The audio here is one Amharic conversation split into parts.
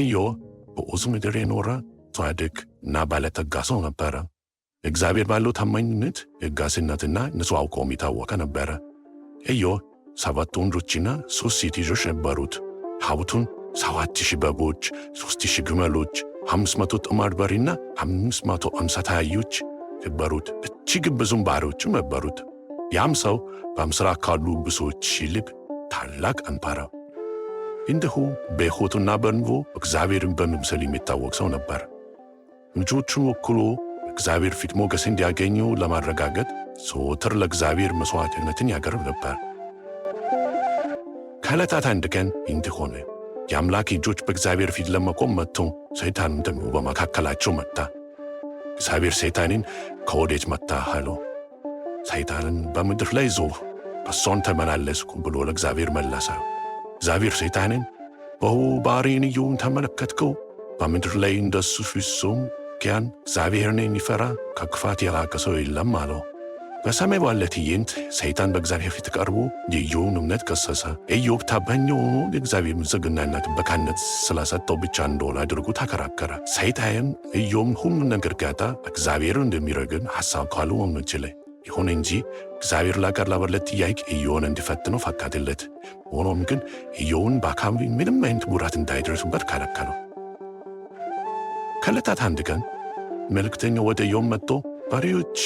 ኢዮብ በብዙ ምድር የኖረ ጻድቅ እና ባለጠጋ ሰው ነበረ። እግዚአብሔር ባለው ታማኝነት፣ ሕጋዊነትና ንጹሕ አቋም የታወቀ ነበረ። ኢዮብ ሰባት ወንዶችና ሦስት ሴት ልጆች ነበሩት። ሀብቱን ሰባት ሺህ በጎች፣ ሦስት ሺህ ግመሎች፣ አምስት መቶ ጥማድ በሬና አምስት መቶ አምሳ አህዮች ነበሩት። እጅግ ብዙም ባሪያዎችም ነበሩት። ያም ሰው በምሥራቅ ካሉ ብሶች ይልቅ ታላቅ ነበረ። እንዲሁ በሕይወቱና በኑሮ እግዚአብሔርን በመምሰል የሚታወቅ ሰው ነበር። ልጆቹን ወክሎ እግዚአብሔር ፊት ሞገስ እንዲያገኙ ለማረጋገጥ ዘወትር ለእግዚአብሔር መሥዋዕትነትን ያቀርብ ነበር። ከዕለታት አንድ ቀን እንዲህ ሆነ። የአምላክ እጆች በእግዚአብሔር ፊት ለመቆም መጥቶ ሰይጣንም ደግሞ በመካከላቸው መጣ። እግዚአብሔር ሰይጣንን ከወዴት መጣህ አለው። ሰይጣንን በምድር ላይ ዞር በሷን ተመላለስኩ ብሎ ለእግዚአብሔር መለሰ። እግዚአብሔር ሰይጣንን በሆ ባሪያን ኢዮብን ተመለከትከው? በምድር ላይ እንደሱ ፍጹም ኪያን እግዚአብሔርን የሚፈራ ከክፋት የራቀ ሰው የለም አለው። በሰማይ ባለ ትዕይንት ሰይጣን በእግዚአብሔር ፊት ቀርቦ የኢዮብን እምነት ከሰሰ። ኢዮብ ታማኝ ሆኖ የእግዚአብሔር ምስጋናና ጥበቃነት ስላሰጠው ብቻ እንደሆነ አድርጎ ተከራከረ። ሰይጣንም ኢዮብን ሁሉን ነገር ጋጣ እግዚአብሔርን እንደሚረግን ሐሳብ ካሉ መመችለይ ይሁን እንጂ እግዚአብሔር ላቀረበለት ጥያቄ ኢዮብን እንዲፈትነው ፈቀደለት። ሆኖም ግን ኢዮብን በአካባቢ ምንም አይነት ጉዳት እንዳይደርስበት ከለከለው። ከዕለታት አንድ ቀን መልእክተኛው ወደ ኢዮብ መጥቶ በሬዎች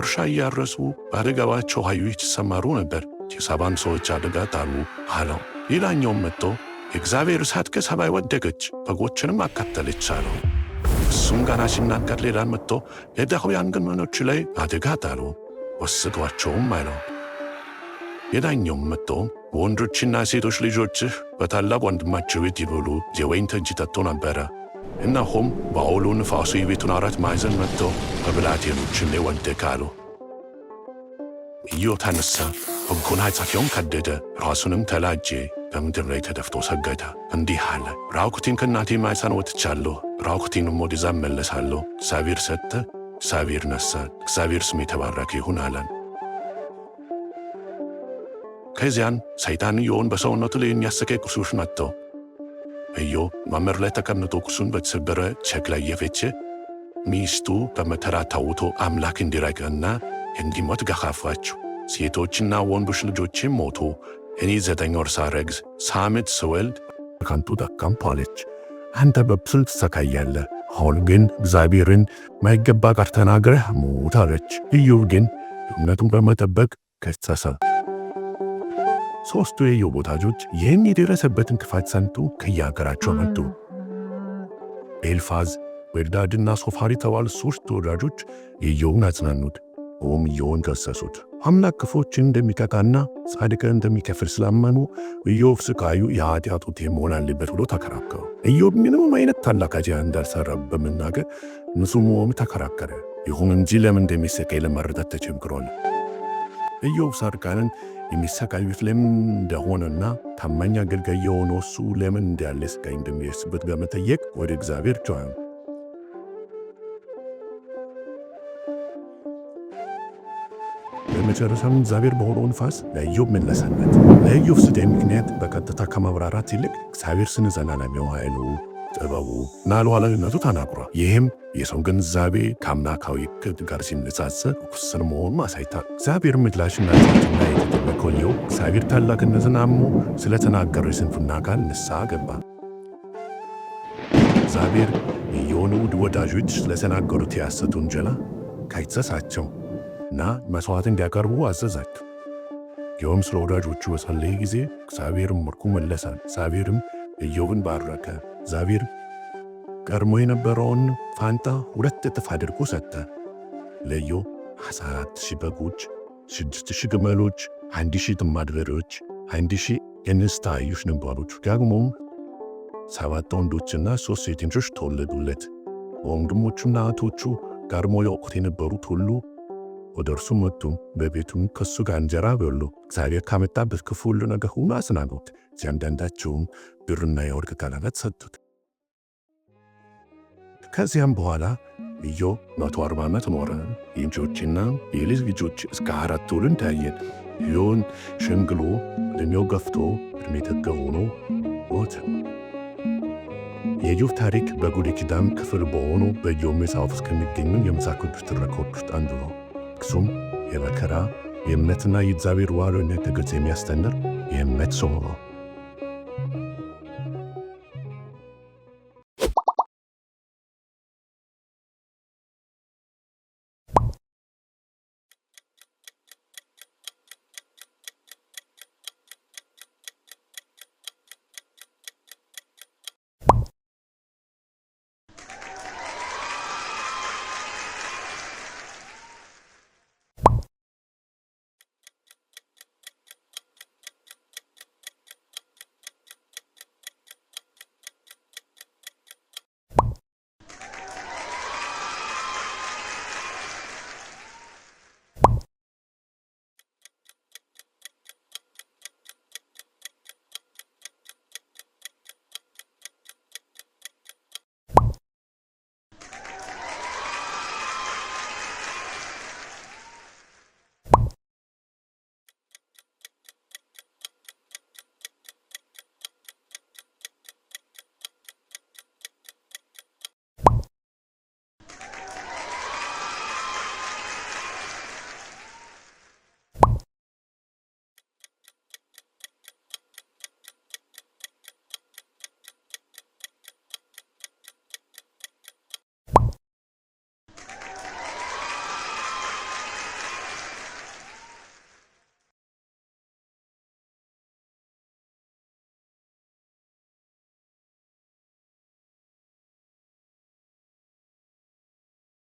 እርሻ እያረሱ በአደጋባቸው አህዮች ይሰማሩ ነበር፣ የሰባም ሰዎች አደጋ ጣሉ አለው። ሌላኛውም መጥቶ የእግዚአብሔር እሳት ከሰማይ ወደቀች፣ በጎችንም አካተለች አለው። 순간 하신 난가리란 것도 예다호 양근원어출의 아드가다로 ወስዷቸውም አይለው የዳኛውም መጥቶ ወንዶችና ሴቶች ልጆችህ በታላቅ ወንድማቸው ቤት ይበሉ የወይን ጠጅ ጠጥቶ ነበረ። እነሆም በአውሎ ንፋሱ የቤቱን አራት ማዕዘን መጥቶ በብላቴኖችም ላይ ወደቀ አሉ። ኢዮብ ተነሳ፣ ሕጉን ኃጢአቱን ከደደ፣ ራሱንም ተላጀ። በምድር ላይ ተደፍቶ ሰገደ፣ እንዲህ አለ፣ ራቁቴን ከእናቴ ማኅፀን ወጥቻለሁ፣ ራቁቴንም ወደዛ እመለሳለሁ። እግዚአብሔር ሰጠ፣ እግዚአብሔር ነሳ፣ እግዚአብሔር ስም የተባረከ ይሁን አለን። ከዚያን ሰይጣን ኢዮብን በሰውነቱ ላይ የሚያሰቃይ ቁስሎች ናቸው። ኢዮብ በመረብ ላይ ተቀምጦ ቁስሉን በተሰበረ ጨርቅ ላይ እየፈጨ ሚስቱ በመተራ ታውቶ አምላክ እንዲረግጥና እንዲሞት ገፋፋችው። ሴቶችና ወንዶች ልጆችም ሞቱ። እኔ ዘጠኝ ወር ሳረግዝ ሳምት ስወልድ ከንቱ ደካማ አለች። አንተ በብስል ትሰቃያለህ፣ አሁን ግን እግዚአብሔርን ማይገባ ቃል ተናግረህ ሙት አለች። ኢዮብ ግን እምነቱን በመጠበቅ ከሰሰ። ሦስቱ የኢዮብ ወዳጆች ይህን የደረሰበትን ክፋት ሰምቶ ከየአገራቸው መጡ። ኤልፋዝ፣ ቤልዳድና ሶፋር የተባሉ ሦስት ወዳጆች ኢዮብን አጽናኑት። ቆም ኢዮብን ከሰሱት። አምላክ ክፎችን እንደሚቀጣና ጻድቃንን እንደሚከፍር ስላመኑ ኢዮብ ስቃዩ የኃጢአት ውጤት መሆን አለበት ብሎ ተከራከሩ። ኢዮብ ምንም አይነት ታላቅ ኃጢአት እንዳልሰራ በመናገር ንጹሕ መሆኑን ተከራከረ። ይሁን እንጂ ለምን እንደሚሰቃይ ለመረዳት ተቸግሯል። ኢዮብ ጻድቃንን የሚሰቃዩት ለምን እንደሆነና ታማኝ አገልጋይ የሆነው እሱ ለምን እንዳለ ስቃይ እንደሚደርስበት በመጠየቅ ወደ እግዚአብሔር ጮኸ። መጨረሻውን እግዚአብሔር በሆነው ንፋስ ለኢዮብ መለሰለት። ለኢዮብ ስቃይ ምክንያት በቀጥታ ከመብራራት ይልቅ እግዚአብሔር ስነ ዘላለማዊ ኃይሉ ጥበቡ እና ሉዓላዊነቱ ተናግሯል። ይህም የሰው ግንዛቤ ከአምላካዊ ዕቅድ ጋር ሲነጻጸር ርኩስ መሆኑን አሳይቷል። እግዚአብሔር ምላሽና ጸጥታ የተጠበቀው ኢዮብ እግዚአብሔር ታላቅነትን አምኖ ስለተናገረው የስንፍና ቃል ንስሐ ገባ። እግዚአብሔር የኢዮብን ውድ ወዳጆች ስለተናገሩት የሐሰት ውንጀላ ካይጸሳቸው ና መሥዋዕት እንዲያቀርቡ አዘዛቸው። ኢዮብም ስለ ወዳጆቹ በጸለየ ጊዜ እግዚአብሔርም ምርኩ መለሰለት። እግዚአብሔርም ኢዮብን ባረከ። እግዚአብሔር ቀድሞ የነበረውን ፋንታ ሁለት እጥፍ አድርጎ ሰጠ። ለዮ አሥራ ሺህ በጎች፣ ስድስት ሺህ ግመሎች፣ አንድ ሺህ ጥማድ በሬዎች፣ አንድ ሺህ እንስት አህዮች ነበሩት። ደግሞም ሰባት ወንዶችና ሶስት ሴት ልጆች ተወለዱለት። ወንድሞቹና እህቶቹ ቀድሞ የወቅት የነበሩት ሁሉ ወደ እርሱ መጡ። በቤቱም ከሱ ጋር እንጀራ በሉ። እግዚአብሔር ካመጣበት ክፉ ሁሉ ነገር ሁሉ አስናገሩት። እያንዳንዳቸውም ብርና የወርቅ ቀለበት ሰጡት። ከዚያም በኋላ ኢዮብ መቶ አርባ ዓመት ኖረ። የልጆችና የልጅ ልጆች እስከ አራት ትውልድ ታየ። ኢዮብም ሸንግሎ ዕድሜው ገፍቶ እድሜ ጠገብ ሆኖ ሞተ። የኢዮብ ታሪክ በብሉይ ኪዳን ክፍል በሆኑ በኢዮብ መጽሐፍ ውስጥ ከሚገኙ የመጽሐፍ ቅዱስ ትረካዎች ውስጥ አንዱ ነው። የአክሱም የመከራ የእምነትና የእግዚአብሔር ዋሎነት ትግልት የሚያስተምር የእምነት ሰው ነው።